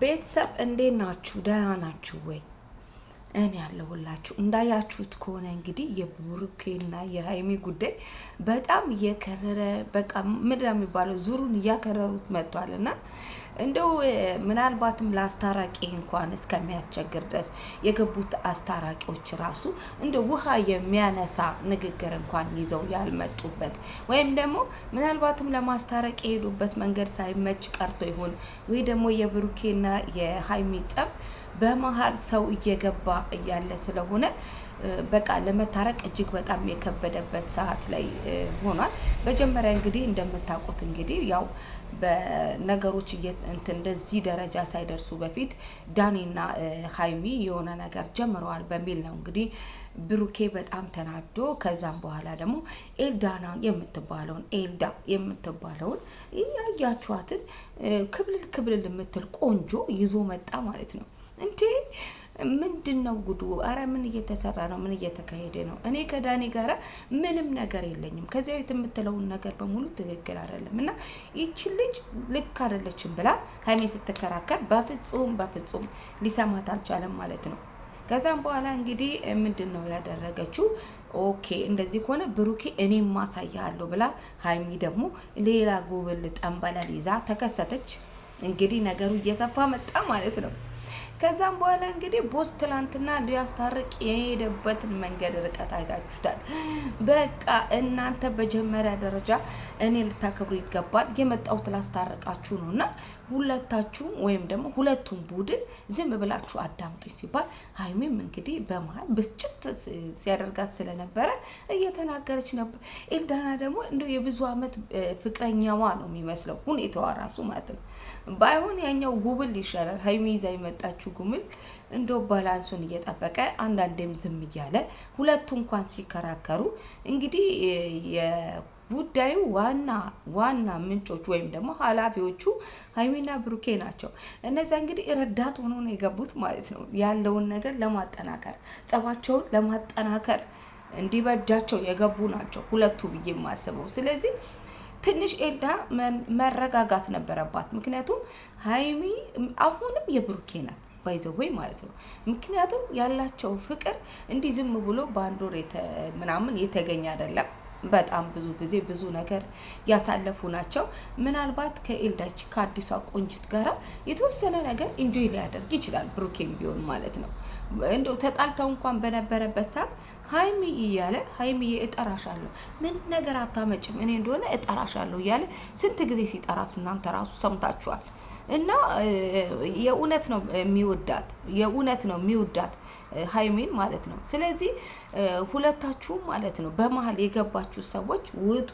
ቤተሰብ እንዴት ናችሁ? ደህና ናችሁ ወይ? እኔ ያለሁላችሁ። እንዳያችሁት ከሆነ እንግዲህ የብሩኬና የሀይሚ ጉዳይ በጣም እየከረረ በቃ ምድር የሚባለው ዙሩን እያከረሩት መጥቷል እና እንደው ምናልባትም ለአስታራቂ እንኳን እስከሚያስቸግር ድረስ የገቡት አስታራቂዎች ራሱ እንደ ውሃ የሚያነሳ ንግግር እንኳን ይዘው ያልመጡበት ወይም ደግሞ ምናልባትም ለማስታረቅ የሄዱበት መንገድ ሳይመች ቀርቶ ይሆን ወይ ደግሞ የብሩኬና የሀይሚ ጸብ በመሀል ሰው እየገባ እያለ ስለሆነ በቃ ለመታረቅ እጅግ በጣም የከበደበት ሰዓት ላይ ሆኗል። መጀመሪያ እንግዲህ እንደምታውቁት እንግዲህ ያው በነገሮች እንደዚህ ደረጃ ሳይደርሱ በፊት ዳኒና ሀይሚ የሆነ ነገር ጀምረዋል በሚል ነው እንግዲህ ብሩኬ በጣም ተናዶ ከዛም በኋላ ደግሞ ኤልዳና የምትባለውን ኤልዳ የምትባለውን ያያችኋትን ክብልል ክብልል የምትል ቆንጆ ይዞ መጣ ማለት ነው። እንዴ ምንድን ነው ጉዱ? አረ ምን እየተሰራ ነው? ምን እየተካሄደ ነው? እኔ ከዳኒ ጋራ ምንም ነገር የለኝም። ከዚያ ቤት የምትለውን ነገር በሙሉ ትክክል አይደለም እና ይቺ ልጅ ልክ አይደለችም ብላ ሀይሜ ስትከራከር በፍጹም በፍጹም ሊሰማት አልቻለም ማለት ነው። ከዛም በኋላ እንግዲህ ምንድን ነው ያደረገችው? ኦኬ እንደዚህ ከሆነ ብሩኬ እኔም ማሳያለሁ ብላ ሀይሚ ደግሞ ሌላ ጉብል ጠንበላል ይዛ ተከሰተች። እንግዲህ ነገሩ እየሰፋ መጣ ማለት ነው። ከዛም በኋላ እንግዲህ ቦስ ትላንትና ሊያስታርቅ የሄደበትን መንገድ ርቀት አይታችሁታል። በቃ እናንተ በጀመሪያ ደረጃ እኔ ልታከብሩ ይገባል። የመጣሁት ላስታርቃችሁ ነው እና ሁለታችሁም ወይም ደግሞ ሁለቱም ቡድን ዝም ብላችሁ አዳምጡ ሲባል ሀይሚም እንግዲህ በመሀል ብስጭት ሲያደርጋት ስለነበረ እየተናገረች ነበር። ኤልዳና ደግሞ እን የብዙ አመት ፍቅረኛዋ ነው የሚመስለው ሁኔታዋ ራሱ ማለት ነው። ባይሆን ያኛው ጉብል ይሻላል። ሀይሚ ይዛ የመጣችሁ ጉምል እንደ ባላንሱን እየጠበቀ አንዳንዴም ዝም እያለ ሁለቱ እንኳን ሲከራከሩ እንግዲህ ጉዳዩ ዋና ዋና ምንጮች ወይም ደግሞ ኃላፊዎቹ ሀይሚና ብሩኬ ናቸው። እነዚያ እንግዲህ ረዳት ሆኖ ነው የገቡት ማለት ነው። ያለውን ነገር ለማጠናከር ጸባቸውን ለማጠናከር እንዲበጃቸው የገቡ ናቸው ሁለቱ ብዬ የማስበው። ስለዚህ ትንሽ ኤልዳ መረጋጋት ነበረባት። ምክንያቱም ሀይሚ አሁንም የብሩኬ ናት ባይዘወይ ማለት ነው። ምክንያቱም ያላቸው ፍቅር እንዲህ ዝም ብሎ በአንድ ወር ምናምን የተገኘ አይደለም። በጣም ብዙ ጊዜ ብዙ ነገር ያሳለፉ ናቸው። ምናልባት ከኤልዳች ከአዲሷ ቆንጅት ጋራ የተወሰነ ነገር ኢንጆይ ሊያደርግ ይችላል ብሩኬም ቢሆን ማለት ነው። እንደው ተጣልተው እንኳን በነበረበት ሰዓት ሀይሚ እያለ ሀይሚዬ እጠራሻለሁ፣ ምን ነገር አታመጭም፣ እኔ እንደሆነ እጠራሻለሁ እያለ ስንት ጊዜ ሲጠራት እናንተ ራሱ ሰምታችኋል። እና የእውነት ነው የሚወዳት የእውነት ነው የሚወዳት ሀይሚን ማለት ነው። ስለዚህ ሁለታችሁም ማለት ነው በመሀል የገባችሁ ሰዎች ውጡ።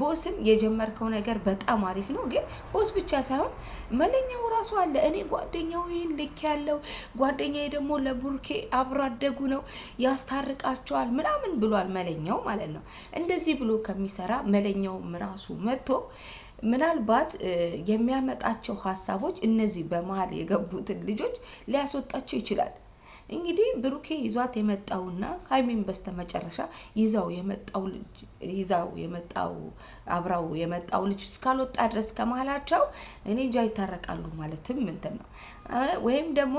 ቦስም የጀመርከው ነገር በጣም አሪፍ ነው፣ ግን ቦስ ብቻ ሳይሆን መለኛው ራሱ አለ። እኔ ጓደኛው ይህን ልክ ያለው ጓደኛዬ ደግሞ ለቡርኬ አብሮ አደጉ ነው ያስታርቃቸዋል ምናምን ብሏል መለኛው ማለት ነው። እንደዚህ ብሎ ከሚሰራ መለኛውም ራሱ መጥቶ ምናልባት የሚያመጣቸው ሀሳቦች እነዚህ በመሀል የገቡትን ልጆች ሊያስወጣቸው ይችላል። እንግዲህ ብሩኬ ይዟት የመጣውና ሀይሚን በስተመጨረሻ ይዛው የመጣው ልጅ ይዛው የመጣው አብራው የመጣው ልጅ እስካልወጣ ድረስ ከመሀላቸው እኔ እንጃ ይታረቃሉ ማለትም ምንትን ነው ወይም ደግሞ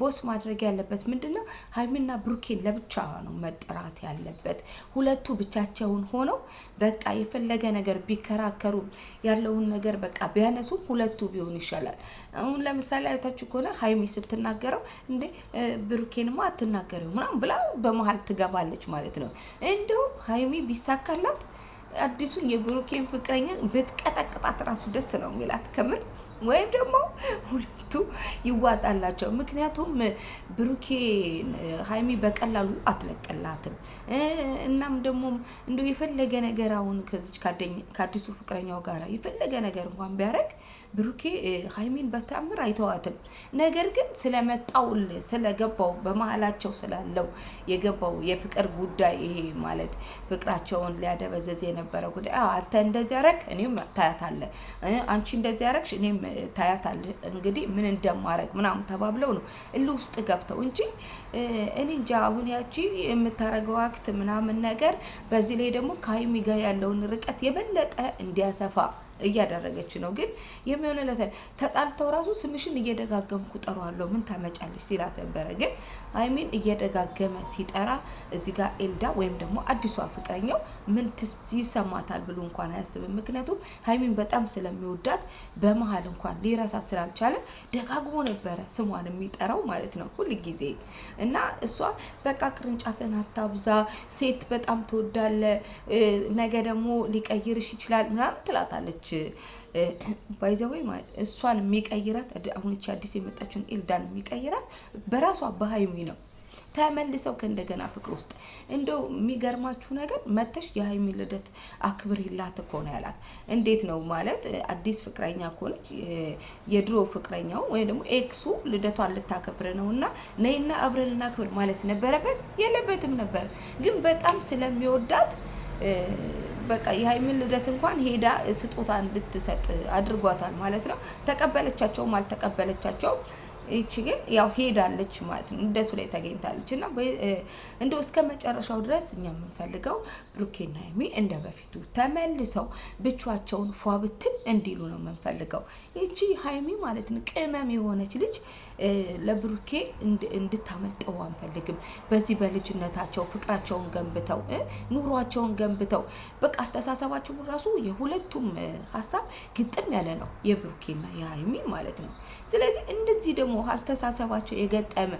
ቦስ ማድረግ ያለበት ምንድን ነው? ሀይሚና ብሩኬን ለብቻ ነው መጥራት ያለበት። ሁለቱ ብቻቸውን ሆነው በቃ የፈለገ ነገር ቢከራከሩ ያለውን ነገር በቃ ቢያነሱ ሁለቱ ቢሆን ይሻላል። አሁን ለምሳሌ አይታችሁ ከሆነ ሀይሚ ስትናገረው እንዴ ብሩ ብሩኬንማ አትናገሪው ምናምን ብላ በመሀል ትገባለች ማለት ነው። እንደውም ሀይሚ ቢሳካላት አዲሱን የብሩኬን ፍቅረኛ ብትቀጠቅጣት ራሱ ደስ ነው የሚላት ከምር ወይም ደግሞ ሁለቱ ይዋጣላቸው። ምክንያቱም ብሩኬ ሀይሚ በቀላሉ አትለቀላትም። እናም ደግሞ እንደው የፈለገ ነገር አሁን ከዚች ከአዲሱ ፍቅረኛው ጋር የፈለገ ነገር እንኳን ቢያደርግ ብሩኬ ሀይሚን በታምር አይተዋትም። ነገር ግን ስለመጣው ስለገባው በመሀላቸው ስላለው የገባው የፍቅር ጉዳይ ይሄ ማለት ፍቅራቸውን ሊያደበዘዝ የነበረ ጉዳይ አንተ እንደዚህ ያረግ እኔም ታያታለ አንቺ እንደዚህ ያረግሽ እኔም ታያታል እንግዲህ ምን እንደማረግ ምናምን ተባብለው ነው እልህ ውስጥ ገብተው እንጂ እኔ እንጃ። አሁን ያቺ የምታረገው አክት ምናምን ነገር በዚህ ላይ ደግሞ ከሀይሚ ጋር ያለውን ርቀት የበለጠ እንዲያሰፋ እያደረገች ነው። ግን የሚሆነ ተጣልተው ራሱ ስምሽን እየደጋገምኩ ጠሯዋለሁ ምን ታመጫለች ሲላት ነበረ። ግን አይሚን እየደጋገመ ሲጠራ እዚህ ጋር ኤልዳ ወይም ደግሞ አዲሷ ፍቅረኛው ምን ይሰማታል ብሎ እንኳን አያስብም። ምክንያቱም ሀይሚን በጣም ስለሚወዳት በመሀል እንኳን ሊረሳ ስላልቻለ ደጋግሞ ነበረ ስሟን የሚጠራው ማለት ነው ሁል ጊዜ እና እሷ በቃ ቅርንጫፍን አታብዛ፣ ሴት በጣም ትወዳለ፣ ነገ ደግሞ ሊቀይርሽ ይችላል ምናምን ትላታለች ባይዘወይ ማለት እሷን የሚቀይራት አሁን ይቺ አዲስ የመጣችውን ኤልዳን የሚቀይራት በራሷ በሀይሚ ነው። ተመልሰው ከእንደገና ፍቅር ውስጥ እንደው የሚገርማችሁ ነገር መተሽ የሀይሚ ልደት አክብሪላት እኮ ነው ያላት። እንዴት ነው ማለት አዲስ ፍቅረኛ ከሆነች የድሮ ፍቅረኛው ወይም ደግሞ ኤክሱ ልደቷን ልታከብር ነው እና ነይና አብረን እናክብር ማለት ነበረበት የለበትም ነበር፣ ግን በጣም ስለሚወዳት በቃ የሀይሚን ልደት እንኳን ሄዳ ስጦታ እንድትሰጥ አድርጓታል ማለት ነው። ተቀበለቻቸውም አልተቀበለቻቸውም፣ ይቺ ግን ያው ሄዳለች ማለት ነው። ልደቱ ላይ ተገኝታለች እና እንደው እስከ መጨረሻው ድረስ እኛ የምንፈልገው ብሩኬና ሀይሚ እንደ በፊቱ ተመልሰው ብቻቸውን ፏብትን እንዲሉ ነው የምንፈልገው። ይቺ ሀይሚ ማለት ነው ቅመም የሆነች ልጅ ለብሩኬ እንድታመልጠው አንፈልግም። በዚህ በልጅነታቸው ፍቅራቸውን ገንብተው ኑሯቸውን ገንብተው በቃ አስተሳሰባቸው ራሱ የሁለቱም ሀሳብ ግጥም ያለ ነው፣ የብሩኬና የሀይሚ ማለት ነው። ስለዚህ እንደዚህ ደግሞ አስተሳሰባቸው የገጠመ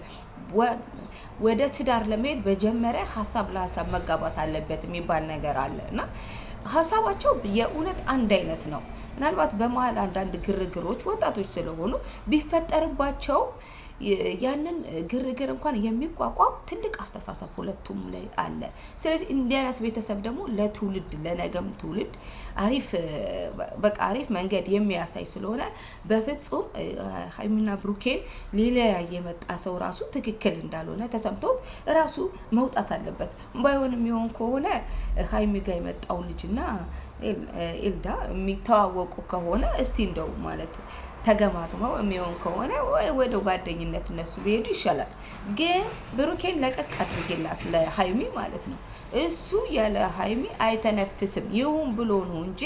ወደ ትዳር ለመሄድ መጀመሪያ ሀሳብ ለሀሳብ መጋባት አለበት የሚባል ነገር አለ እና ሀሳባቸው የእውነት አንድ አይነት ነው። ምናልባት በመሀል አንዳንድ ግርግሮች ወጣቶች ስለሆኑ ቢፈጠርባቸው ያንን ግርግር እንኳን የሚቋቋም ትልቅ አስተሳሰብ ሁለቱም ላይ አለ። ስለዚህ እንዲህ አይነት ቤተሰብ ደግሞ ለትውልድ ለነገም ትውልድ አሪፍ በቃ አሪፍ መንገድ የሚያሳይ ስለሆነ በፍጹም ሀይሚና ብሩኬን ሊለያይ የመጣ ሰው ራሱ ትክክል እንዳልሆነ ተሰምቶት ራሱ መውጣት አለበት። ባይሆንም የሆን ከሆነ ሀይሚ ጋ የመጣው ልጅና ኤልዳ የሚተዋወቁ ከሆነ እስቲ እንደው ማለት ተገማግመው የሚሆን ከሆነ ወይ ወደ ጓደኝነት እነሱ ቢሄዱ ይሻላል። ግን ብሩኬን ለቀቅ አድርጌላት ለሀይሚ ማለት ነው። እሱ ያለ ሀይሚ አይተነፍስም። ይሁን ብሎ ነው እንጂ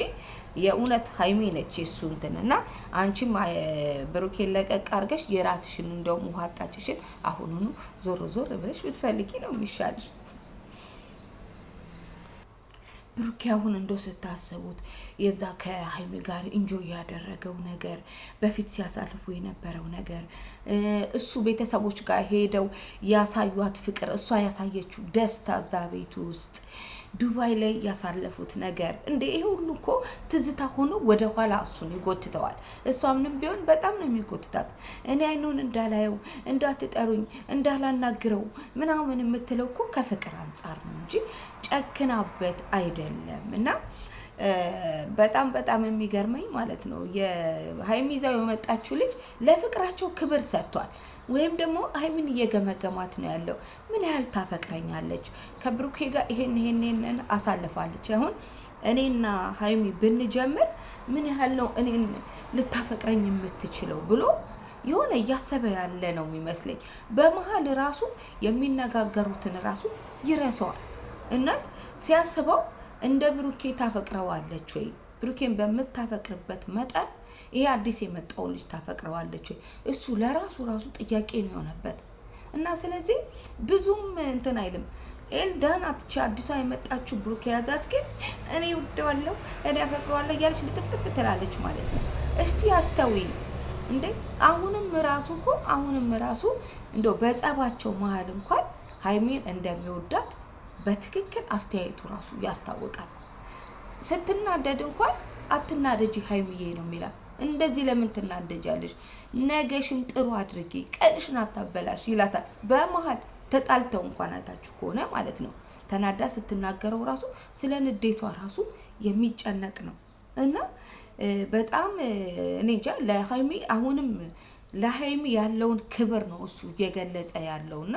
የእውነት ሀይሚ ነች የእሱ እንትን እና አንቺም ብሩኬን ለቀቅ አድርገሽ የራትሽን እንደውም ውሃ ጣጭሽን አሁኑኑ ዞር ዞር ብለሽ ብትፈልጊ ነው የሚሻልሽ። ብሩኬ አሁን እንደው ስታስቡት የዛ ከሀይሚ ጋር እንጆ ያደረገው ነገር በፊት ሲያሳልፉ የነበረው ነገር እሱ ቤተሰቦች ጋር ሄደው ያሳዩት ፍቅር፣ እሷ ያሳየችው ደስታ እዛ ቤት ውስጥ ዱባይ ላይ ያሳለፉት ነገር እንደ ይሄ ሁሉ እኮ ትዝታ ሆኖ ወደ ኋላ እሱን ይጎትተዋል። እሷምንም ቢሆን በጣም ነው የሚጎትታት። እኔ አይኑን እንዳላየው እንዳትጠሩኝ፣ እንዳላናግረው ምናምን የምትለው እኮ ከፍቅር አንጻር ነው እንጂ ጨክናበት አይደለም እና በጣም በጣም የሚገርመኝ ማለት ነው የሀይሚ ይዛው የመጣችው ልጅ ለፍቅራቸው ክብር ሰጥቷል። ወይም ደግሞ ሀይሚን እየገመገማት ነው ያለው። ምን ያህል ታፈቅረኛለች ከብሩኬ ጋር ይሄን ይሄን ይሄንን አሳልፋለች። አሁን እኔና ሀይሚ ብንጀምር ምን ያህል ነው እኔን ልታፈቅረኝ የምትችለው ብሎ የሆነ እያሰበ ያለ ነው የሚመስለኝ። በመሀል ራሱ የሚነጋገሩትን ራሱ ይረሰዋል እና ሲያስበው እንደ ብሩኬ ታፈቅረዋለች ወይ? ብሩኬን በምታፈቅርበት መጠን ይሄ አዲስ የመጣውን ልጅ ታፈቅረዋለች ወይ? እሱ ለራሱ ራሱ ጥያቄ ነው የሆነበት እና ስለዚህ ብዙም እንትን አይልም። ኤልዳን አትቻ አዲሷ የመጣችው ብሩክ የያዛት ግን እኔ ውደዋለሁ እኔ ያፈቅረዋለሁ እያለች ልጥፍጥፍ ትላለች ማለት ነው። እስቲ አስተዊ እንዴ! አሁንም ራሱ እኮ አሁንም ራሱ እንደው በጸባቸው መሀል እንኳን ሀይሜን እንደሚወዳት በትክክል አስተያየቱ ራሱ ያስታውቃል። ስትናደድ እንኳን አትናደጅ ሀይሚዬ ነው የሚላት። እንደዚህ ለምን ትናደጃለሽ? ነገሽን ጥሩ አድርጌ ቀንሽን አታበላሽ ይላታል። በመሀል ተጣልተው እንኳን አይታችሁ ከሆነ ማለት ነው ተናዳ ስትናገረው ራሱ ስለ ንዴቷ ራሱ የሚጨነቅ ነው እና በጣም እኔ እንጃ ለሀይሚ አሁንም ለሀይሚ ያለውን ክብር ነው እሱ እየገለጸ ያለው እና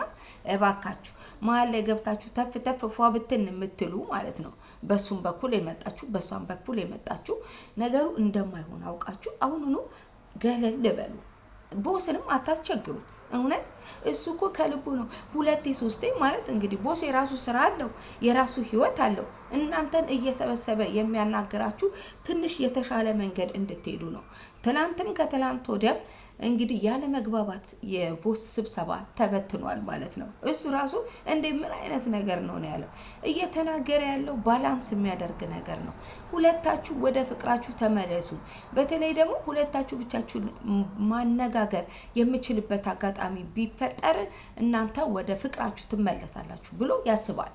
እባካችሁ መሀል ላይ ገብታችሁ ተፍ ተፍ ፏ ብትን የምትሉ ማለት ነው። በሱም በኩል የመጣችሁ በሷም በኩል የመጣችሁ ነገሩ እንደማይሆን አውቃችሁ አሁኑኑ ገለል ልበሉ። ቦስንም አታስቸግሩ። እውነት እሱ እኮ ከልቡ ነው። ሁለቴ ሶስቴ ማለት እንግዲህ ቦስ የራሱ ስራ አለው፣ የራሱ ህይወት አለው። እናንተን እየሰበሰበ የሚያናግራችሁ ትንሽ የተሻለ መንገድ እንድትሄዱ ነው። ትላንትም ከትላንት ወዲያም እንግዲህ ያለ መግባባት የቦስ ስብሰባ ተበትኗል ማለት ነው። እሱ ራሱ እንደ ምን አይነት ነገር ነው ነው ያለው እየተናገረ ያለው ባላንስ የሚያደርግ ነገር ነው። ሁለታችሁ ወደ ፍቅራችሁ ተመለሱ። በተለይ ደግሞ ሁለታችሁ ብቻችሁን ማነጋገር የምችልበት አጋጣሚ ቢፈጠር እናንተ ወደ ፍቅራችሁ ትመለሳላችሁ ብሎ ያስባል።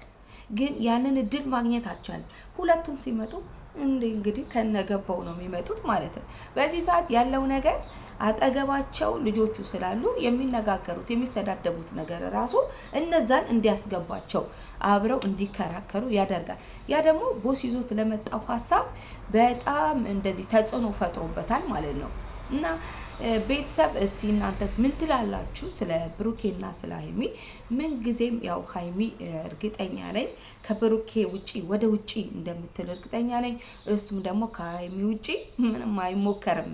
ግን ያንን እድል ማግኘት አልቻለም። ሁለቱም ሲመጡ እንዴ እንግዲህ ከነገባው ነው የሚመጡት ማለት ነው። በዚህ ሰዓት ያለው ነገር አጠገባቸው ልጆቹ ስላሉ የሚነጋገሩት የሚሰዳደቡት ነገር ራሱ እነዛን እንዲያስገባቸው አብረው እንዲከራከሩ ያደርጋል። ያ ደግሞ ቦስ ይዞት ለመጣው ሀሳብ በጣም እንደዚህ ተጽዕኖ ፈጥሮበታል ማለት ነው እና ቤተሰብ እስቲ እናንተስ ምን ትላላችሁ? ስለ ብሩኬና ስለ ሀይሚ ምንጊዜም ያው ሀይሚ እርግጠኛ ነኝ ከብሩኬ ውጪ ወደ ውጪ እንደምትል እርግጠኛ ነኝ። እሱም ደግሞ ከሀይሚ ውጪ ምንም አይሞከርም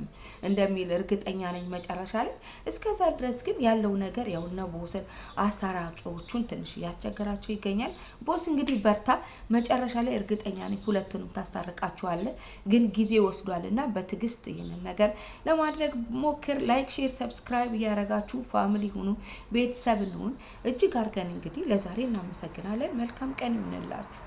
እንደሚል እርግጠኛ ነኝ መጨረሻ ላይ። እስከዛ ድረስ ግን ያለው ነገር ያው እነ ቦስን አስታራቂዎቹን ትንሽ እያስቸገራቸው ይገኛል። ቦስ እንግዲህ በርታ፣ መጨረሻ ላይ እርግጠኛ ነኝ ሁለቱንም ታስታርቃችኋለ። ግን ጊዜ ወስዷል እና በትዕግስት ይህንን ነገር ለማድረግ ሞክር። ላይክ፣ ሼር፣ ሰብስክራይብ እያደረጋችሁ ፋሚሊ ሁኑ፣ ቤተሰብ እንሁን። እጅግ አድርገን እንግዲህ ለዛሬ እናመሰግናለን። መልካም ቀን ይሆንላችሁ።